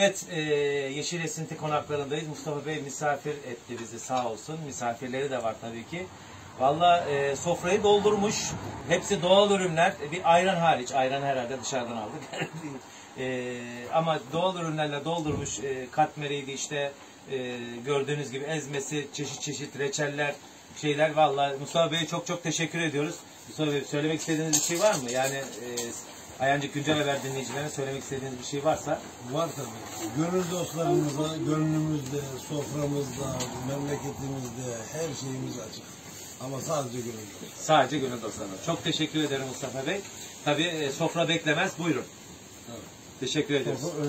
Evet, e, Yeşil Esinti konaklarındayız. Mustafa Bey misafir etti bizi sağ olsun. Misafirleri de var tabii ki. Valla e, sofrayı doldurmuş. Hepsi doğal ürünler. E, bir ayran hariç. Ayran herhalde dışarıdan aldık. e, ama doğal ürünlerle doldurmuş. E, katmeriydi işte. E, gördüğünüz gibi ezmesi, çeşit çeşit reçeller, şeyler. Valla Mustafa Bey'e çok çok teşekkür ediyoruz. Mustafa Bey söylemek istediğiniz bir şey var mı? Yani e, Ayancı Güncel Haber dinleyicilerine söylemek istediğiniz bir şey varsa. Var tabii. Gönül dostlarımıza, gönlümüzde, soframızda, memleketimizde her şeyimiz açık. Ama sadece gönül Sadece gönül dostlarına. Çok teşekkür ederim Mustafa Bey. Tabii e, sofra beklemez. Buyurun. Evet. Teşekkür ederiz. Sofra